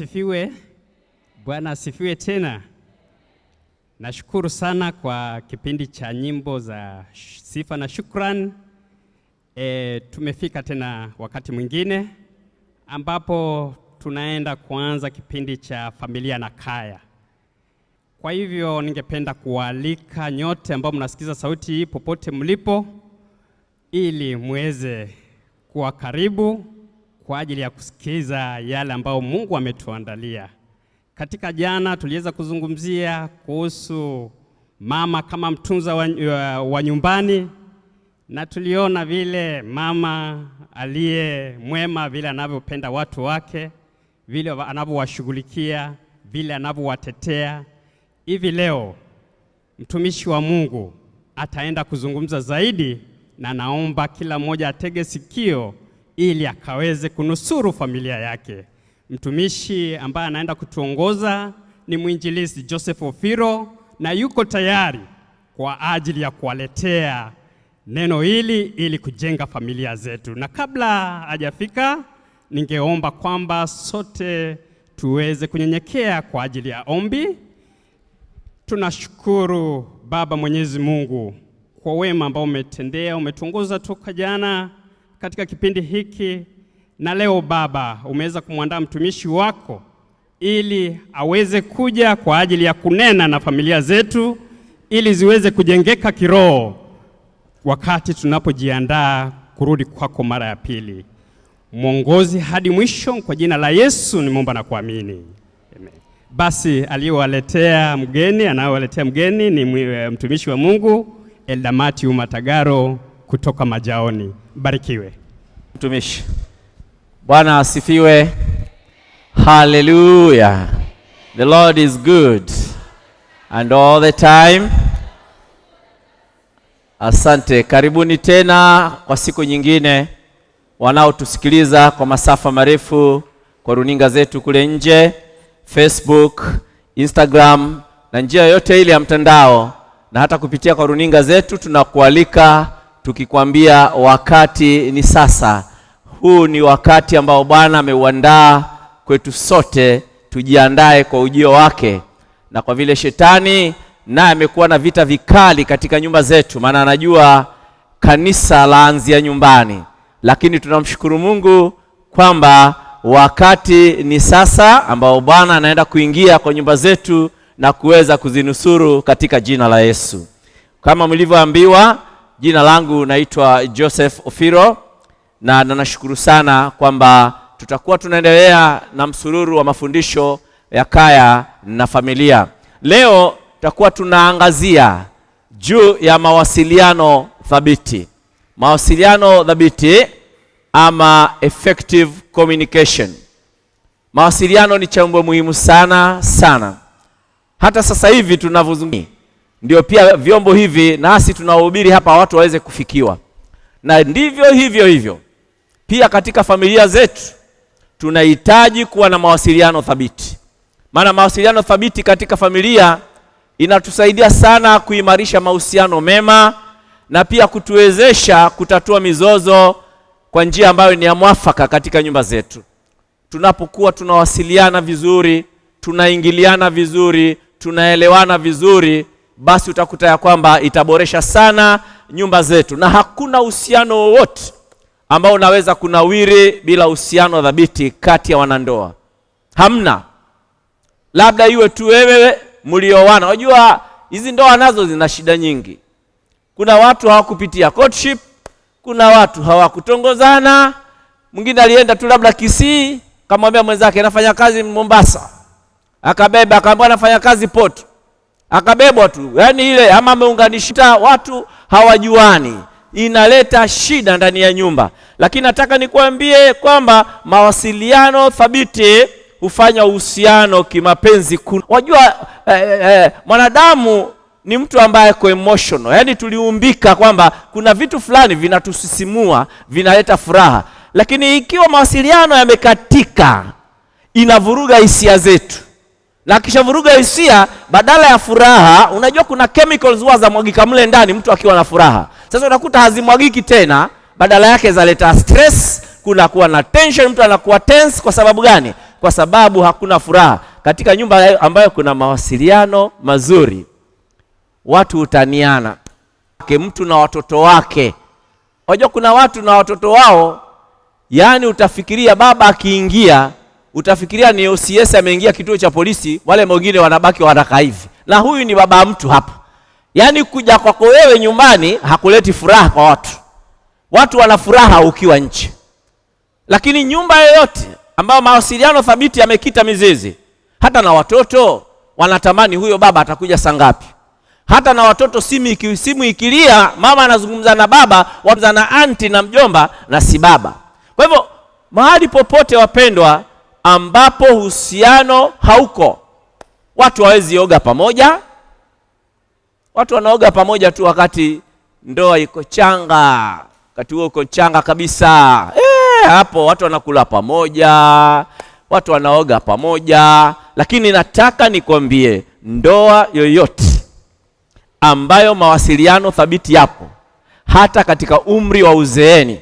asifiwe. Bwana asifiwe tena. Nashukuru sana kwa kipindi cha nyimbo za sifa na shukrani. E, tumefika tena wakati mwingine ambapo tunaenda kuanza kipindi cha familia na kaya. Kwa hivyo ningependa kualika nyote ambao mnasikiza sauti hii popote mlipo, ili muweze kuwa karibu kwa ajili ya kusikiza yale ambayo Mungu ametuandalia. Katika jana tuliweza kuzungumzia kuhusu mama kama mtunza wa, wa, wa nyumbani na tuliona vile mama aliye mwema vile anavyopenda watu wake, vile anavyowashughulikia, vile anavyowatetea. Hivi leo mtumishi wa Mungu ataenda kuzungumza zaidi, na naomba kila mmoja atege sikio ili akaweze kunusuru familia yake. Mtumishi ambaye anaenda kutuongoza ni mwinjilisi Joseph Ofiro, na yuko tayari kwa ajili ya kuwaletea neno hili ili kujenga familia zetu. Na kabla hajafika, ningeomba kwamba sote tuweze kunyenyekea kwa ajili ya ombi. Tunashukuru Baba Mwenyezi Mungu kwa wema ambao umetendea, umetuongoza toka jana katika kipindi hiki, na leo Baba umeweza kumwandaa mtumishi wako ili aweze kuja kwa ajili ya kunena na familia zetu ili ziweze kujengeka kiroho wakati tunapojiandaa kurudi kwako mara ya pili. Mwongozi hadi mwisho, kwa jina la Yesu nimeomba na kuamini. Basi aliyowaletea mgeni anayowaletea mgeni ni mtumishi wa Mungu Eldamati Umatagaro kutoka Majaoni. Barikiwe mtumishi. Bwana asifiwe. Haleluya. The Lord is good and all the time. Asante, karibuni tena kwa siku nyingine, wanaotusikiliza kwa masafa marefu kwa runinga zetu kule nje, Facebook, Instagram na njia yote ile ya mtandao, na hata kupitia kwa runinga zetu tunakualika tukikwambia wakati ni sasa. Huu ni wakati ambao Bwana ameuandaa kwetu sote, tujiandae kwa ujio wake. Na kwa vile shetani naye amekuwa na vita vikali katika nyumba zetu, maana anajua kanisa laanzia nyumbani, lakini tunamshukuru Mungu kwamba wakati ni sasa ambao Bwana anaenda kuingia kwa nyumba zetu na kuweza kuzinusuru katika jina la Yesu kama mlivyoambiwa Jina langu naitwa Joseph Ofiro na nanashukuru sana kwamba tutakuwa tunaendelea na msururu wa mafundisho ya kaya na familia. Leo tutakuwa tunaangazia juu ya mawasiliano thabiti. Mawasiliano thabiti ama effective communication. Mawasiliano ni chambo muhimu sana sana, hata sasa hivi tunavyozungumza ndio pia vyombo hivi nasi tunawahubiri hapa watu waweze kufikiwa. Na ndivyo hivyo hivyo pia katika familia zetu tunahitaji kuwa na mawasiliano thabiti, maana mawasiliano thabiti katika familia inatusaidia sana kuimarisha mahusiano mema na pia kutuwezesha kutatua mizozo kwa njia ambayo ni ya mwafaka katika nyumba zetu. Tunapokuwa tunawasiliana vizuri, tunaingiliana vizuri, tunaelewana vizuri, basi utakuta ya kwamba itaboresha sana nyumba zetu, na hakuna uhusiano wowote ambao unaweza kunawiri bila uhusiano dhabiti kati ya wanandoa. Hamna, labda iwe tu wewe mlioana. Unajua hizi ndoa nazo zina shida nyingi. Kuna watu hawakupitia courtship, kuna watu hawakutongozana. Mwingine alienda tu labda Kisii, kamwambia mwenzake nafanya kazi Mombasa, akabeba akamwambia nafanya kazi Poto akabebwa tu, yaani ile ama ameunganishita watu hawajuani, inaleta shida ndani ya nyumba. Lakini nataka nikuambie kwamba mawasiliano thabiti hufanya uhusiano kimapenzi. Wajua eh, eh, mwanadamu ni mtu ambaye ko emotional, yaani tuliumbika kwamba kuna vitu fulani vinatusisimua, vinaleta furaha, lakini ikiwa mawasiliano yamekatika, inavuruga hisia zetu na kisha vuruga hisia, badala ya furaha, unajua kuna chemicals huwa zamwagika mle ndani mtu akiwa na furaha. Sasa unakuta hazimwagiki tena, badala yake zaleta stress, kuna kuwa na tension, mtu anakuwa tense. Kwa sababu gani? Kwa sababu hakuna furaha. Katika nyumba ambayo kuna mawasiliano mazuri, watu hutaniana, mtu na watoto wake. Unajua kuna watu na watoto wao, yani utafikiria baba akiingia utafikiria ni OCS ameingia kituo cha polisi, wale wengine wanabaki wanakaa hivi, na huyu ni baba mtu hapa. Yaani kuja kwako wewe nyumbani hakuleti furaha kwa watu, watu wana furaha ukiwa nje, lakini nyumba yoyote ambayo mawasiliano thabiti yamekita mizizi, hata na watoto wanatamani huyo baba atakuja saa ngapi. Hata na watoto simu, iki, simu ikilia, mama anazungumza na baba, wazungumza na anti na mjomba na si baba. Kwa hivyo mahali popote, wapendwa ambapo uhusiano hauko. Watu hawezi oga pamoja, watu wanaoga pamoja tu wakati ndoa iko changa, wakati huo uko changa kabisa. E, hapo watu wanakula pamoja, watu wanaoga pamoja, lakini nataka nikwambie ndoa yoyote ambayo mawasiliano thabiti yapo hata katika umri wa uzeeni,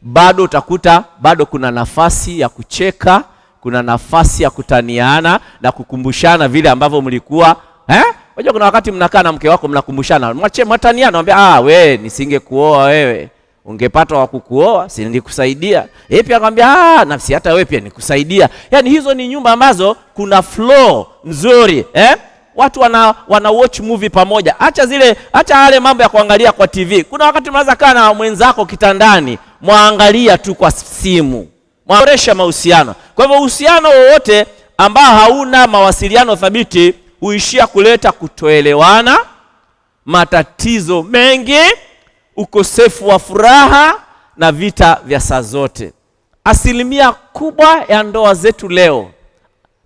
bado utakuta bado kuna nafasi ya kucheka, kuna nafasi ya kutaniana na kukumbushana vile ambavyo mlikuwa eh? Unajua kuna wakati mnakaa na mke wako mnakumbushana, mwache mwataniana, mwambia ah, we nisingekuoa wewe, ungepata wa kukuoa, si nilikusaidia. Yeye pia akamwambia ah, nafsi hata wewe pia nikusaidia. Yani hizo ni nyumba ambazo kuna flow nzuri eh? Watu wana, wana watch movie pamoja, acha zile, acha yale mambo ya kuangalia kwa TV. Kuna wakati mnaweza kaa na mwenzako kitandani, mwaangalia tu kwa simu wanaboresha mahusiano. Kwa hivyo uhusiano wowote ambao hauna mawasiliano thabiti huishia kuleta kutoelewana, matatizo mengi, ukosefu wa furaha na vita vya saa zote. Asilimia kubwa ya ndoa zetu leo,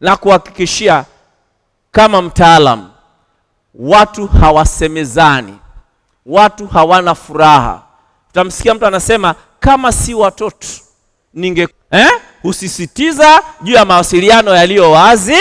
na kuhakikishia kama mtaalam watu hawasemezani, watu hawana furaha. Utamsikia mtu anasema kama si watoto ninge eh? Husisitiza juu ya mawasiliano yaliyo wazi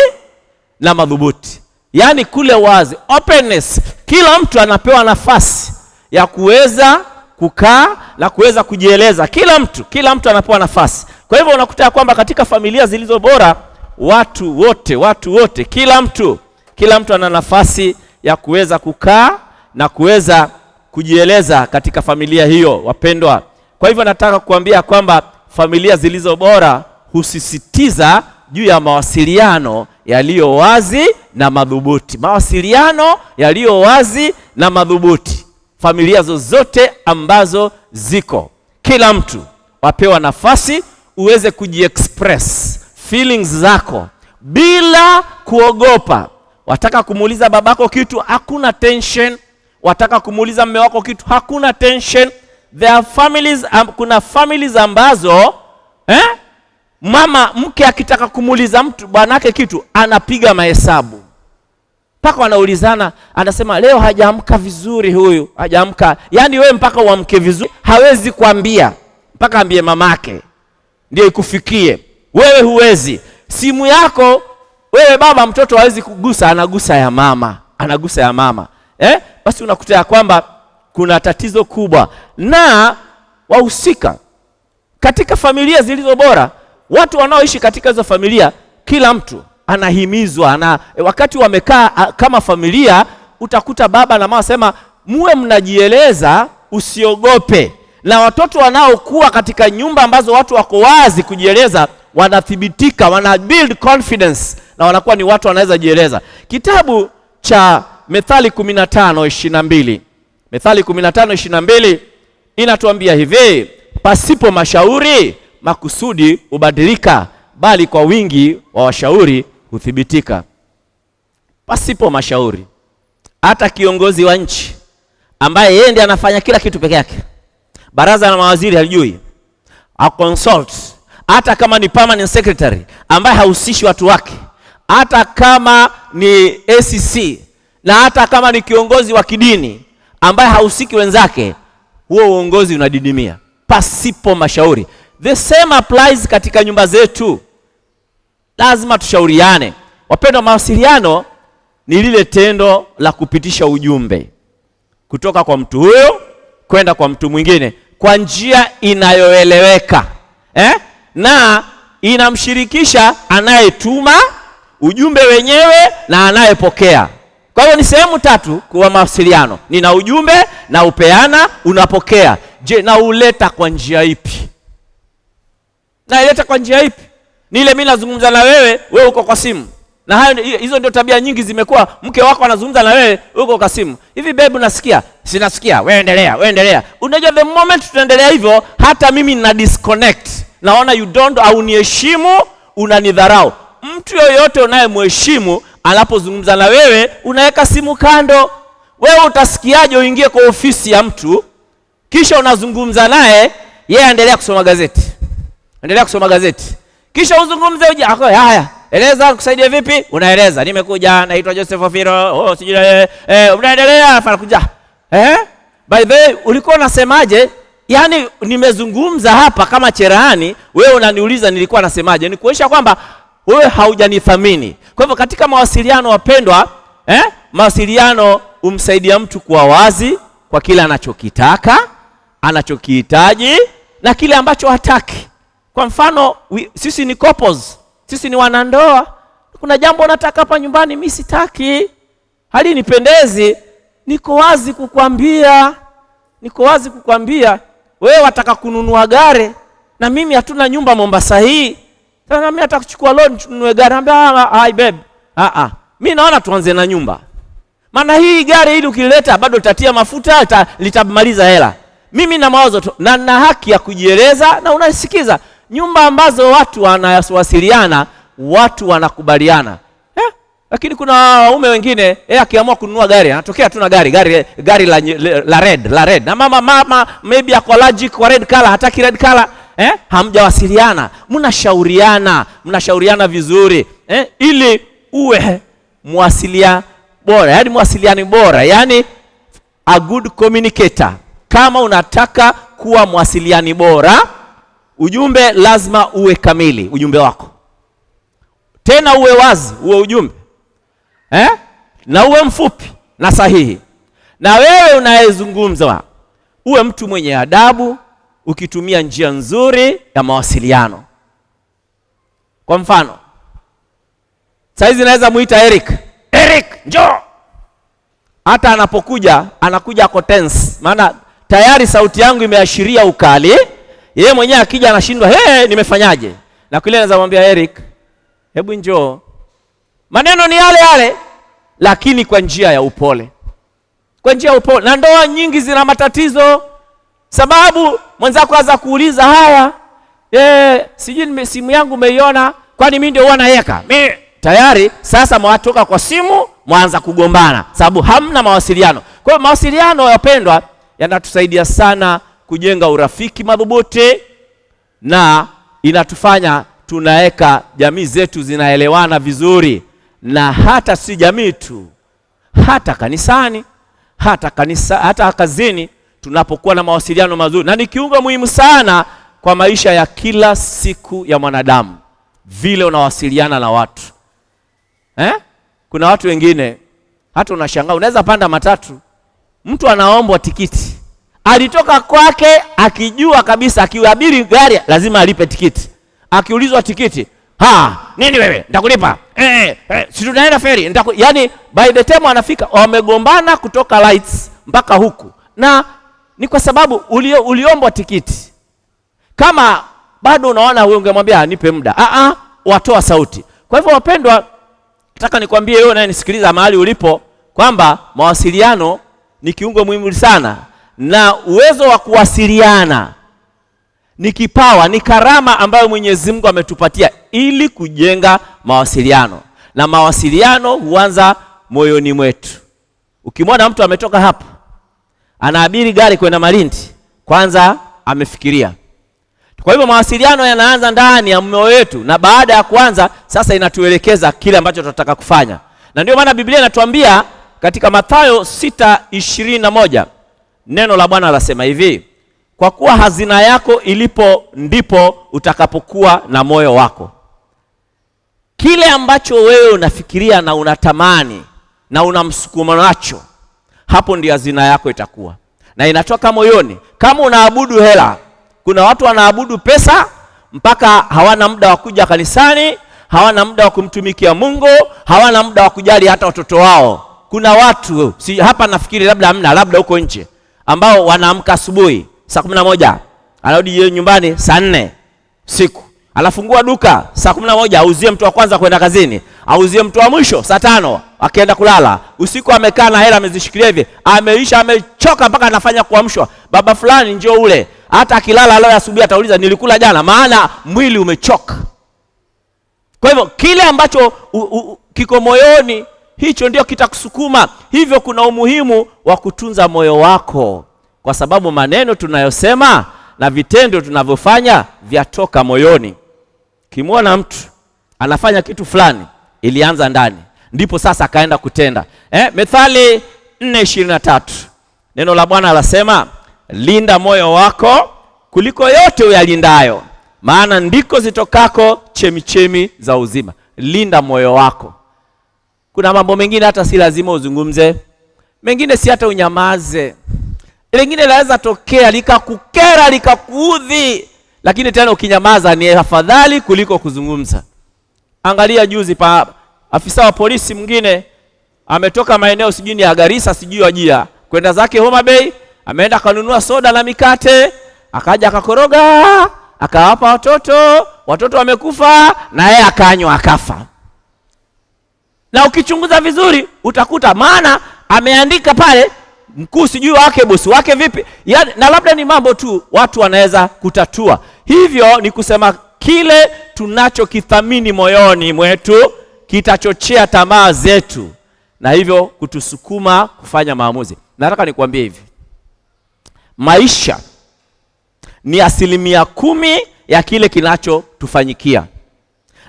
na madhubuti, yaani kule wazi, openness. Kila mtu anapewa nafasi ya kuweza kukaa na kuweza kujieleza. Kila mtu, kila mtu anapewa nafasi. Kwa hivyo unakuta kwamba katika familia zilizo bora, watu wote, watu wote, kila mtu, kila mtu ana nafasi ya kuweza kukaa na kuweza kujieleza katika familia hiyo, wapendwa. Kwa hivyo nataka kuambia kwamba familia zilizo bora husisitiza juu ya mawasiliano yaliyo wazi na madhubuti. Mawasiliano yaliyo wazi na madhubuti. Familia zozote ambazo ziko, kila mtu wapewa nafasi uweze kujiexpress feelings zako bila kuogopa. Wataka kumuuliza babako kitu, hakuna tension. Wataka kumuuliza mme wako kitu, hakuna tension. There are families, um, kuna families ambazo eh, mama mke akitaka kumuuliza mtu bwanake kitu anapiga mahesabu mpaka wanaulizana, anasema leo hajaamka vizuri, huyu hajaamka. Yaani we mpaka uamke vizuri, hawezi kuambia mpaka ambie mamake ndio ikufikie wewe, huwezi. Simu yako wewe baba, mtoto hawezi kugusa, anagusa ya mama, anagusa ya mama eh? Basi unakuta ya kwamba kuna tatizo kubwa. Na wahusika katika familia zilizo bora, watu wanaoishi katika hizo familia, kila mtu anahimizwa na wakati wamekaa kama familia, utakuta baba na mama sema muwe mnajieleza, usiogope. Na watoto wanaokuwa katika nyumba ambazo watu wako wazi kujieleza, wanathibitika, wana build confidence na wanakuwa ni watu wanaweza jieleza. Kitabu cha Methali mbili Methali 15:22 inatuambia hivi, pasipo mashauri makusudi hubadilika, bali kwa wingi wa washauri huthibitika. Pasipo mashauri, hata kiongozi wa nchi ambaye yeye ndiye anafanya kila kitu peke yake, baraza la mawaziri halijui, a consult, hata kama ni permanent secretary ambaye hahusishi watu wake, hata kama ni ACC na hata kama ni kiongozi wa kidini ambaye hahusiki wenzake, huo uongozi unadidimia pasipo mashauri. The same applies katika nyumba zetu, lazima tushauriane. Wapendwa, mawasiliano ni lile tendo la kupitisha ujumbe kutoka kwa mtu huyo kwenda kwa mtu mwingine kwa njia inayoeleweka eh? na inamshirikisha anayetuma ujumbe wenyewe na anayepokea. Kwa hiyo ni sehemu tatu kwa mawasiliano: nina ujumbe, na upeana, unapokea. Je, na uleta kwa njia ipi? Naileta kwa njia ipi? Ni ile mimi nazungumza na wewe, wewe uko kwa simu, na hayo hizo ndio tabia nyingi zimekuwa. Mke wako anazungumza na wewe, uko kwa simu, hivi babe, unasikia? Sinasikia. Wewe endelea, wewe endelea. Unajua the moment tunaendelea hivyo, hata mimi nina disconnect, naona you don't au niheshimu, unanidharau. Mtu yoyote unayemheshimu anapozungumza na wewe, unaweka simu kando. Wewe utasikiaje uingie kwa ofisi ya mtu kisha unazungumza naye, yeye endelea kusoma gazeti, endelea kusoma gazeti, kisha uzungumze uje, ah, haya Eleza kusaidia vipi? Unaeleza, nimekuja naitwa Joseph Ofiro. Oh, sijui eh, eh unaendelea kuja. Eh? By the way, ulikuwa unasemaje? Yaani nimezungumza hapa kama cherahani, wewe unaniuliza nilikuwa nasemaje? Ni Nikuonyesha kwamba wewe haujanithamini. Kwa hivyo katika mawasiliano wapendwa, eh? mawasiliano humsaidia mtu kuwa wazi kwa kile anachokitaka, anachokihitaji na kile ambacho hataki. Kwa mfano we, sisi ni couples, sisi ni wanandoa. Kuna jambo nataka hapa nyumbani, mimi sitaki, hali nipendezi, niko wazi kukwambia, niko wazi kukwambia. Wewe wataka kununua gari na mimi hatuna nyumba Mombasa hii sasa mimi nataka kuchukua loan tununue gari. Anambia ah, hai ah, ah, babe. Ah ah. Mimi naona tuanze na nyumba. Maana hii gari hili ukileta bado litatia mafuta litamaliza hela. Mimi na mawazo tu na na haki ya kujieleza na unasikiza. Nyumba ambazo watu wanawasiliana, watu wanakubaliana. Eh? Lakini kuna waume wengine eh, akiamua kununua gari, anatokea tu na gari, gari gari la, la red, la red. Na mama mama maybe ako allergic kwa red color, hataki red color eh? Hamjawasiliana, mnashauriana, mnashauriana vizuri eh? Ili uwe mwasilia bora, yani mwasiliani bora, yani a good communicator. Kama unataka kuwa mwasiliani bora, ujumbe lazima uwe kamili, ujumbe wako tena uwe wazi, uwe ujumbe eh? na uwe mfupi na sahihi, na wewe unayezungumza uwe mtu mwenye adabu ukitumia njia nzuri ya mawasiliano. Kwa mfano, saizi naweza muita Eric, Eric njoo. Hata anapokuja anakuja ako tense, maana tayari sauti yangu imeashiria ukali. Yeye mwenyewe akija anashindwa, hey, nimefanyaje? Na kule naweza mwambia Eric, hebu njoo. Maneno ni yale yale, lakini kwa njia ya upole, kwa njia ya upole. Na ndoa nyingi zina matatizo sababu mwenzako anza kuuliza haya, eh, sijui simu yangu umeiona, kwani mimi ndio huwa naweka mimi tayari. Sasa mwatoka kwa simu mwanza kugombana, sababu hamna mawasiliano. Kwa hiyo mawasiliano, yapendwa, yanatusaidia sana kujenga urafiki madhubuti na inatufanya tunaweka jamii zetu zinaelewana vizuri, na hata si jamii tu, hata kanisani, hata kanisa, hata kazini tunapokuwa na mawasiliano mazuri, na ni kiungo muhimu sana kwa maisha ya kila siku ya mwanadamu, vile unawasiliana na watu eh? Kuna watu wengine hata unashangaa, unaweza panda matatu, mtu anaombwa tikiti, alitoka kwake akijua kabisa akiabiri gari lazima alipe tikiti, akiulizwa tikiti Ha, nini wewe? Nitakulipa. Eh, eh, eh si tunaenda feri. Nitaku... Yaani by the time anafika wamegombana kutoka lights mpaka huku. Na ni kwa sababu ulio, uliombwa tikiti. Kama bado unaona wewe, ungemwambia nipe muda, watoa sauti. Kwa hivyo, wapendwa, nataka nikwambie wewe unayenisikiliza mahali ulipo kwamba mawasiliano ni kiungo muhimu sana, na uwezo wa kuwasiliana ni kipawa, ni karama ambayo Mwenyezi Mungu ametupatia ili kujenga mawasiliano, na mawasiliano huanza moyoni mwetu. Ukimwona mtu ametoka hapo anaabiri gari kwenda Malindi, kwanza amefikiria. Kwa hivyo mawasiliano yanaanza ndani ya moyo wetu, na baada ya kuanza sasa inatuelekeza kile ambacho tunataka kufanya, na ndio maana Biblia inatuambia katika Mathayo 6:21 neno la Bwana lasema hivi, kwa kuwa hazina yako ilipo ndipo utakapokuwa na moyo wako. Kile ambacho wewe unafikiria na unatamani na unamsukuma nacho hapo ndio hazina yako itakuwa na inatoka moyoni. Kama unaabudu hela, kuna watu wanaabudu pesa mpaka hawana muda wa kuja kanisani, hawana muda wa kumtumikia Mungu, hawana muda wa kujali hata watoto wao. Kuna watu si, hapa nafikiri labda amna labda huko nje, ambao wanaamka asubuhi saa kumi na moja anarudi nyumbani saa nne siku anafungua duka saa kumi na moja auzie mtu wa kwanza kwenda kazini, auzie mtu wa mwisho saa tano akienda kulala usiku, amekaa na hela amezishikilia hivi, ameisha, amechoka mpaka anafanya kuamshwa, baba fulani njio ule. Hata akilala leo asubuhi atauliza nilikula jana, maana mwili umechoka. Kwa hivyo kile ambacho u, u, kiko moyoni hicho ndio kitakusukuma. Hivyo kuna umuhimu wa kutunza moyo wako, kwa sababu maneno tunayosema na vitendo tunavyofanya vyatoka moyoni. Kimwona mtu anafanya kitu fulani, ilianza ndani ndipo sasa akaenda kutenda eh? Methali 4:23 neno la Bwana lasema, linda moyo wako kuliko yote uyalindayo, maana ndiko zitokako chemichemi za uzima. Linda moyo wako. Kuna mambo mengine hata si lazima uzungumze, mengine si hata unyamaze, lingine laweza tokea likakukera likakuudhi, lakini tena ukinyamaza ni afadhali kuliko kuzungumza. Angalia juzi pa Afisa wa polisi mwingine ametoka maeneo sijui ya Garissa sijui Wajia kwenda zake Homa Bay, ameenda akanunua soda na mikate, akaja akakoroga, akawapa watoto, watoto wamekufa, na yeye akanywa akafa. Na ukichunguza vizuri utakuta, maana ameandika pale mkuu sijui wake bosi wake vipi, ya, yaani, na labda ni mambo tu watu wanaweza kutatua. Hivyo ni kusema kile tunachokithamini moyoni mwetu kitachochea tamaa zetu na hivyo kutusukuma kufanya maamuzi. Nataka nikuambie hivi, maisha ni asilimia kumi ya kile kinachotufanyikia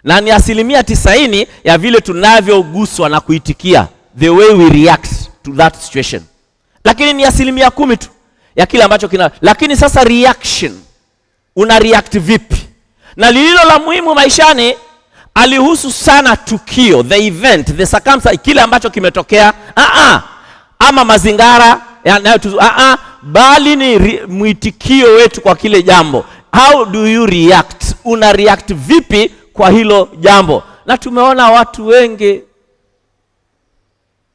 na ni asilimia tisaini ya vile tunavyoguswa na kuitikia, the way we react to that situation, lakini ni asilimia kumi tu ya kile ambacho kina. Lakini sasa reaction, una react vipi? Na lililo la muhimu maishani alihusu sana tukio, the event, the circumstance, kile ambacho kimetokea -uh. ama mazingara -uh. bali ni mwitikio wetu kwa kile jambo. How do you react? Una react vipi kwa hilo jambo? Na tumeona watu wengi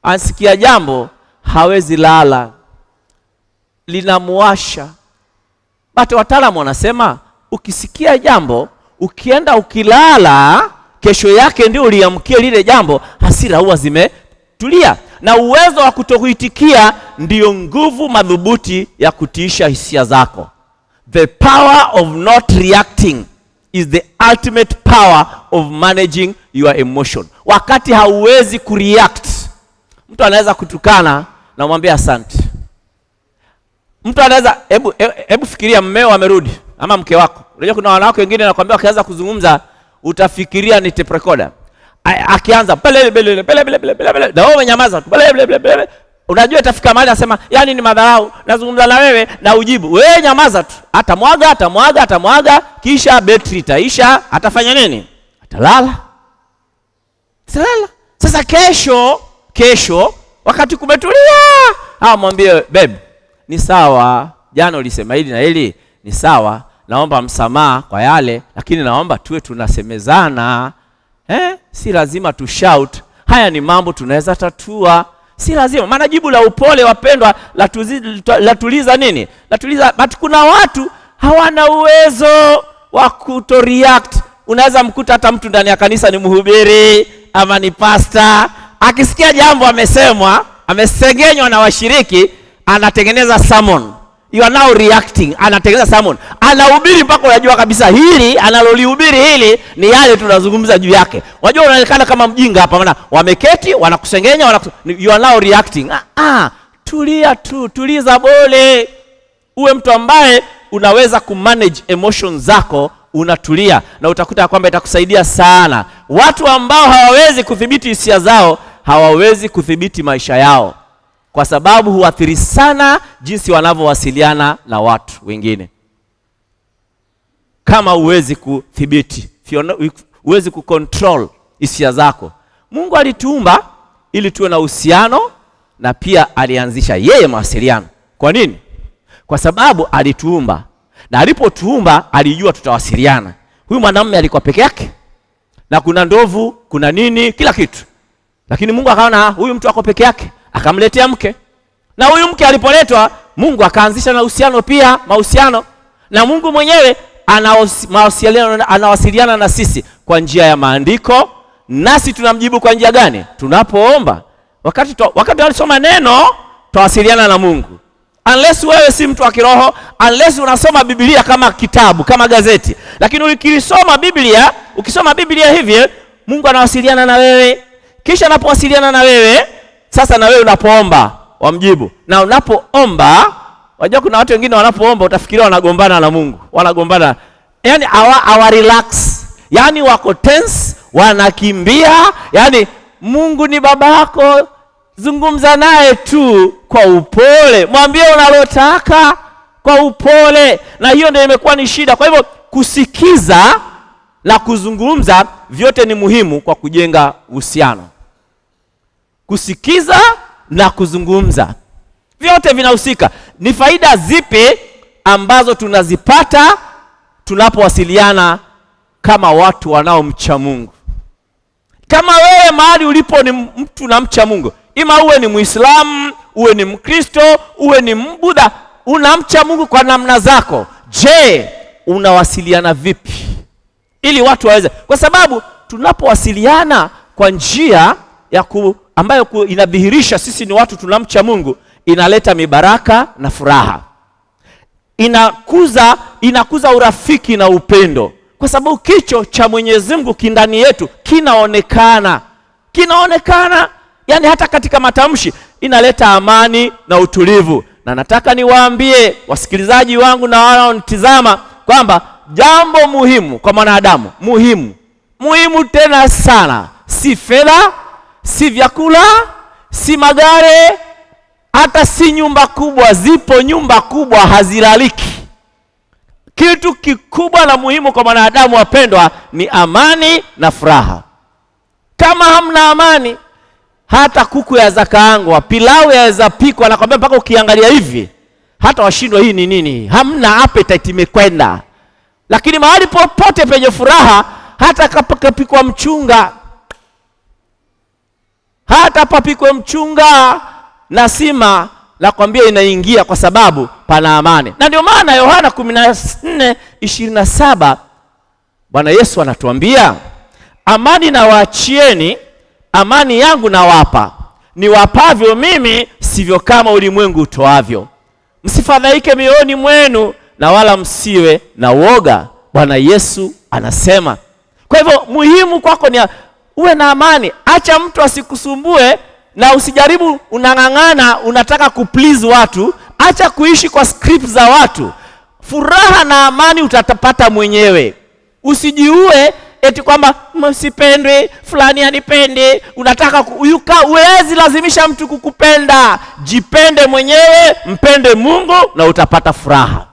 ansikia jambo hawezi lala, linamwasha Bado wataalamu wanasema ukisikia jambo ukienda ukilala kesho yake ndio uliamkia lile jambo, hasira huwa zimetulia, na uwezo wa kutokuitikia ndiyo nguvu madhubuti ya kutiisha hisia zako. The power of not reacting is the ultimate power of managing your emotion. Wakati hauwezi kureact, mtu anaweza kutukana na umwambie asante. Mtu anaweza hebu, hebu fikiria, mmeo amerudi ama mke wako. Unajua kuna wanawake wengine nakwambia, wakianza kuzungumza utafikiria ni tape recorder. Akianza bele bele na wewe umenyamaza tu unajua itafika mahali anasema, yani ni madharau, nazungumza na wewe na ujibu wewe, nyamaza tu. Atamwaga, atamwaga, atamwaga, kisha betri itaisha, atafanya nini? Atalala, atalala. Sasa kesho, kesho wakati kumetulia, amwambie babe, ni sawa, jana ulisema hili na hili, ni sawa naomba msamaha kwa yale, lakini naomba tuwe tunasemezana eh? Si lazima tu shout. Haya ni mambo tunaweza tatua, si lazima maana jibu la upole wapendwa, latuliza nini? Latuliza. But kuna watu hawana uwezo wa kuto react. Unaweza mkuta hata mtu ndani ya kanisa ni mhubiri ama ni pasta, akisikia jambo amesemwa, amesengenywa na washiriki, anatengeneza sermon you are now reacting. Anatengeneza sermon, anahubiri mpaka unajua kabisa hili analolihubiri hili ni yale tunazungumza juu yake. Unajua unaonekana kama mjinga hapa, maana wameketi wanakusengenya, wanakus... you are now reacting. Ah, ah, tulia tu, tuliza bole, uwe mtu ambaye unaweza kumanage emotions zako unatulia na utakuta kwamba itakusaidia sana. Watu ambao hawawezi kudhibiti hisia zao hawawezi kudhibiti maisha yao kwa sababu huathiri sana jinsi wanavyowasiliana na watu wengine. Kama huwezi kudhibiti, huwezi kucontrol hisia zako. Mungu alituumba ili tuwe na uhusiano na pia alianzisha yeye mawasiliano. Kwa nini? Kwa sababu alituumba, na alipotuumba alijua tutawasiliana. Huyu mwanamume alikuwa peke yake, na kuna ndovu, kuna nini, kila kitu, lakini Mungu akaona ah, huyu mtu ako peke yake akamletea mke, na huyu mke alipoletwa, Mungu akaanzisha na uhusiano pia mahusiano, na Mungu mwenyewe anawasiliana, na sisi kwa njia ya maandiko, nasi tunamjibu kwa njia gani? Tunapoomba. Wakati to, wakati alisoma neno twawasiliana na Mungu. Unless wewe si mtu wa kiroho, unless unasoma Biblia kama kitabu kama gazeti, lakini ukisoma Biblia, ukisoma Biblia hivi Mungu anawasiliana na wewe, kisha anapowasiliana na wewe sasa na wewe unapoomba wamjibu, na unapoomba, wajua kuna watu wengine wanapoomba utafikiria wanagombana na Mungu, wanagombana yani awa, awa relax yani wako tense, wanakimbia yani Mungu ni baba yako, zungumza naye tu kwa upole, mwambie unalotaka kwa upole, na hiyo ndio imekuwa ni shida. Kwa hivyo kusikiza na kuzungumza vyote ni muhimu kwa kujenga uhusiano kusikiza na kuzungumza, vyote vinahusika. Ni faida zipi ambazo tunazipata tunapowasiliana kama watu wanaomcha Mungu? Kama wewe mahali ulipo ni mtu na mcha Mungu, ima uwe ni Muislamu, uwe ni Mkristo, uwe ni Mbudha, unamcha Mungu kwa namna zako. Je, unawasiliana vipi ili watu waweze? Kwa sababu tunapowasiliana kwa njia ya ku ambayo inadhihirisha sisi ni watu tunamcha Mungu, inaleta mibaraka na furaha, inakuza inakuza urafiki na upendo, kwa sababu kicho cha Mwenyezi Mungu kindani yetu kinaonekana, kinaonekana yani hata katika matamshi. Inaleta amani na utulivu, na nataka niwaambie wasikilizaji wangu na wanaonitizama kwamba jambo muhimu kwa mwanadamu, muhimu muhimu tena sana, si fedha si vyakula, si magari, hata si nyumba kubwa. Zipo nyumba kubwa hazilaliki. Kitu kikubwa na muhimu kwa mwanadamu, wapendwa, ni amani na furaha. Kama hamna amani, hata kuku yaweza kaangwa, pilau yaweza pikwa, nakwambia mpaka ukiangalia hivi hata washindwa hii ni nini, hamna appetite, imekwenda. Lakini mahali popote penye furaha, hata kapikwa mchunga hata papikwe mchunga na sima la kwambia inaingia kwa sababu pana amani. Na ndio maana Yohana 14:27 Bwana Yesu anatuambia amani nawaachieni, amani yangu nawapa, niwapavyo mimi sivyo kama ulimwengu utoavyo. Msifadhaike mioyoni mwenu na wala msiwe na woga, Bwana Yesu anasema. Kwa hivyo muhimu kwako ni uwe na amani, acha mtu asikusumbue na usijaribu unang'ang'ana, unataka kuplease watu. Acha kuishi kwa script za watu. Furaha na amani utapata mwenyewe, usijiue eti kwamba msipendwe, mm, fulani anipende. Unataka Uwezi lazimisha mtu kukupenda. Jipende mwenyewe, mpende Mungu na utapata furaha.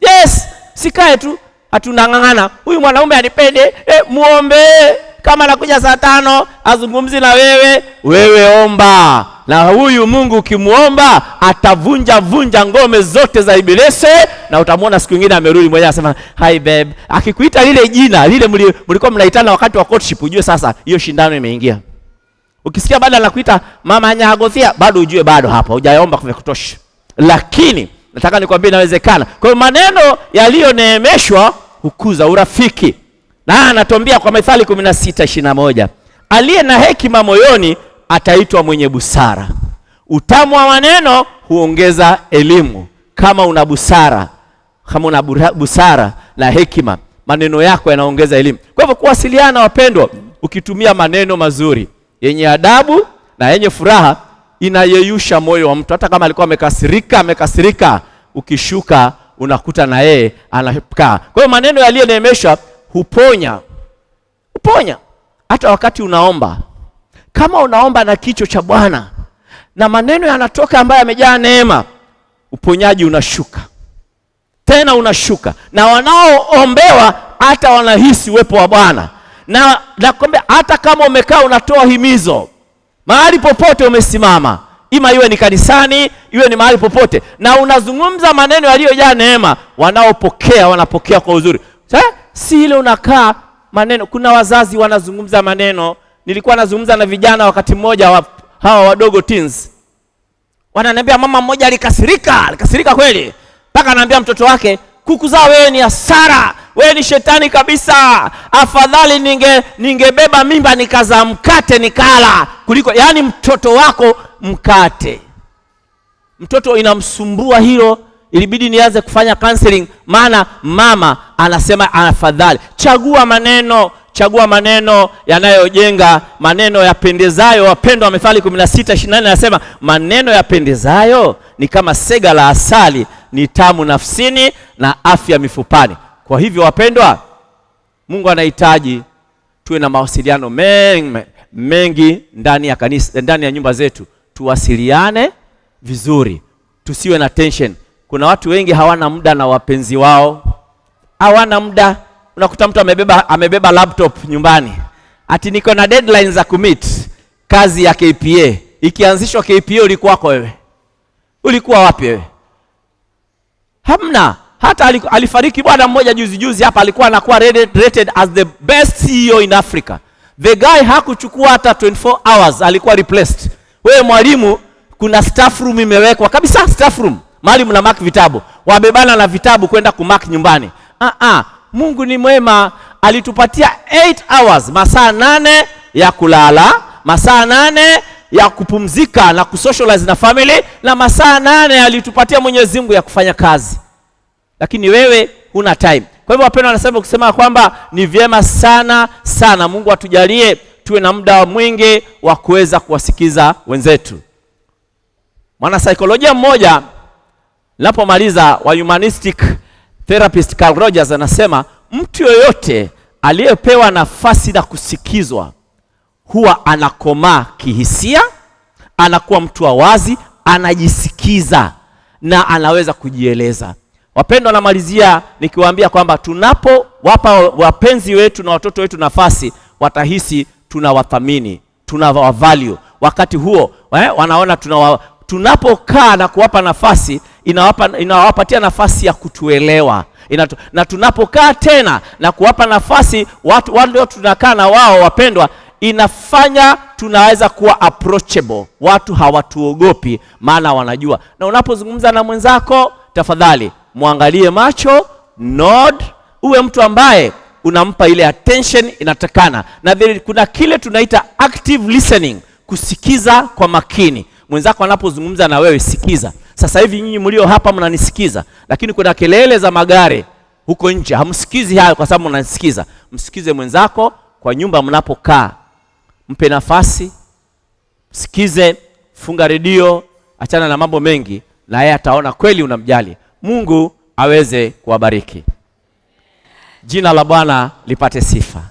Yes, sikae tu hatunang'ang'ana, huyu mwanaume anipende, eh, muombe kama anakuja saa tano azungumzi na wewe, wewe omba. Na huyu Mungu ukimwomba atavunja vunja ngome zote za Ibilisi, na utamwona siku nyingine amerudi mwenyewe anasema hi babe. Akikuita lile jina lile mlikuwa mnaitana wakati wa courtship, ujue sasa hiyo shindano imeingia. Ukisikia bado anakuita mama Nyagothia, bado ujue bado hapo hujaomba kwa kutosha, lakini nataka nikwambie inawezekana. Kwa hiyo maneno yaliyoneemeshwa hukuza urafiki na anatuambia kwa Methali 16:21 aliye na hekima moyoni ataitwa mwenye busara. Utamu wa maneno huongeza elimu. Kama una busara, kama una busara na hekima, maneno yako yanaongeza elimu. Kwa hivyo, kuwasiliana wapendwa, ukitumia maneno mazuri yenye adabu na yenye furaha, inayeyusha moyo wa mtu. Hata kama alikuwa amekasirika, amekasirika, ukishuka unakuta na yeye anakaa. Kwa hiyo maneno yaliyoneemeshwa huponya, huponya hata wakati unaomba. Kama unaomba na kicho cha Bwana na maneno yanatoka ambayo yamejaa neema, uponyaji unashuka tena unashuka, na wanaoombewa hata wanahisi uwepo wa Bwana. Na nakwambia hata kama umekaa unatoa himizo mahali popote umesimama, ima iwe ni kanisani, iwe ni mahali popote, na unazungumza maneno yaliyojaa neema, wanaopokea wanapokea kwa uzuri. Sasa eh? si ile unakaa maneno. Kuna wazazi wanazungumza maneno. Nilikuwa nazungumza na vijana wakati mmoja wa, hawa wadogo teens, wananiambia mama mmoja alikasirika, alikasirika kweli mpaka anaambia mtoto wake kukuzaa wewe ni hasara, wewe ni shetani kabisa, afadhali ninge ningebeba mimba nikazaa mkate nikala kuliko. Yaani mtoto wako mkate, mtoto inamsumbua hilo ilibidi nianze kufanya counseling, maana mama anasema afadhali chagua maneno chagua maneno yanayojenga, maneno yapendezayo. Wapendwa, Methali 16:24 anasema maneno yapendezayo ni kama sega la asali, ni tamu nafsini na afya mifupani. Kwa hivyo, wapendwa, Mungu anahitaji tuwe na mawasiliano mengi, mengi ndani ya kanisa, ndani ya nyumba zetu, tuwasiliane vizuri, tusiwe na tension. Kuna watu wengi hawana muda na wapenzi wao, hawana muda. Unakuta mtu amebeba, amebeba laptop nyumbani, ati niko na deadline za kumit kazi ya KPA. Ikianzishwa KPA ulikuwa kwa wewe? Ulikuwa wapi wewe? Hamna. Hata alifariki bwana mmoja juzi juzi hapa, alikuwa anakuwa rated, rated as the best CEO in Africa. The guy hakuchukua hata 24 hours, alikuwa replaced. Wewe mwalimu, kuna staff room imewekwa kabisa, staff room mali mna mark vitabu, wabebana na vitabu kwenda kumark nyumbani. Ah, ah, Mungu ni mwema, alitupatia 8 hours, masaa nane ya kulala, masaa nane ya kupumzika na kusocialize na family, na masaa nane alitupatia Mwenyezi Mungu ya kufanya kazi, lakini wewe huna time. Kwa hivyo wapendwa, wanasema kusema kwamba ni vyema sana sana Mungu atujalie tuwe na muda mwingi wa kuweza kuwasikiza wenzetu. Mwanasaikolojia mmoja Napomaliza wa humanistic therapist Carl Rogers anasema mtu yoyote aliyepewa nafasi na kusikizwa huwa anakomaa kihisia, anakuwa mtu wa wazi, anajisikiza na anaweza kujieleza. Wapendwa, namalizia nikiwaambia kwamba tunapowapa wapenzi wetu na watoto wetu nafasi, watahisi tunawathamini, tunawavalue. Wakati huo eh, wanaona tunawa, tunapokaa na kuwapa nafasi inawapa, inawapatia nafasi ya kutuelewa Inatu, na tunapokaa tena na kuwapa nafasi watu walio tunakaa na wao wapendwa, inafanya tunaweza kuwa approachable, watu hawatuogopi, maana wanajua. Na unapozungumza na mwenzako, tafadhali mwangalie macho, nod, uwe mtu ambaye unampa ile attention inatakana, na there, kuna kile tunaita active listening, kusikiza kwa makini. Mwenzako anapozungumza na wewe, sikiza. Sasa hivi nyinyi mlio hapa mnanisikiza, lakini kuna kelele za magari huko nje, hamsikizi hayo kwa sababu mnanisikiza. Msikize mwenzako kwa nyumba mnapokaa, mpe nafasi, msikize, funga redio, achana na mambo mengi, na yeye ataona kweli unamjali. Mungu aweze kuwabariki. Jina la Bwana lipate sifa.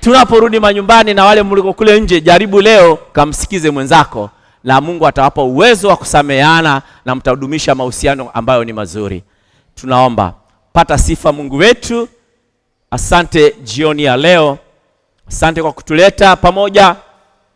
Tunaporudi manyumbani na wale mliko kule nje, jaribu leo kamsikize mwenzako na Mungu atawapa uwezo wa kusameheana na mtadumisha mahusiano ambayo ni mazuri. Tunaomba, pata sifa Mungu wetu. Asante jioni ya leo, asante kwa kutuleta pamoja.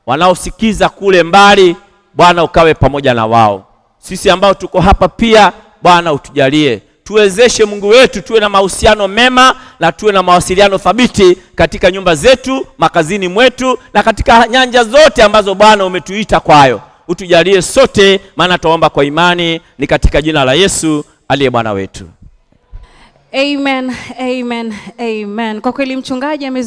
Wanaosikiza kule mbali, Bwana ukawe pamoja na wao. Sisi ambao tuko hapa pia, Bwana utujalie, tuwezeshe Mungu wetu, tuwe na mahusiano mema na tuwe na mawasiliano thabiti katika nyumba zetu, makazini mwetu na katika nyanja zote ambazo Bwana umetuita kwayo utujalie sote, maana tuomba kwa imani, ni katika jina la Yesu aliye Bwana wetu. Amen, amen, amen. Kwa kweli mchungaji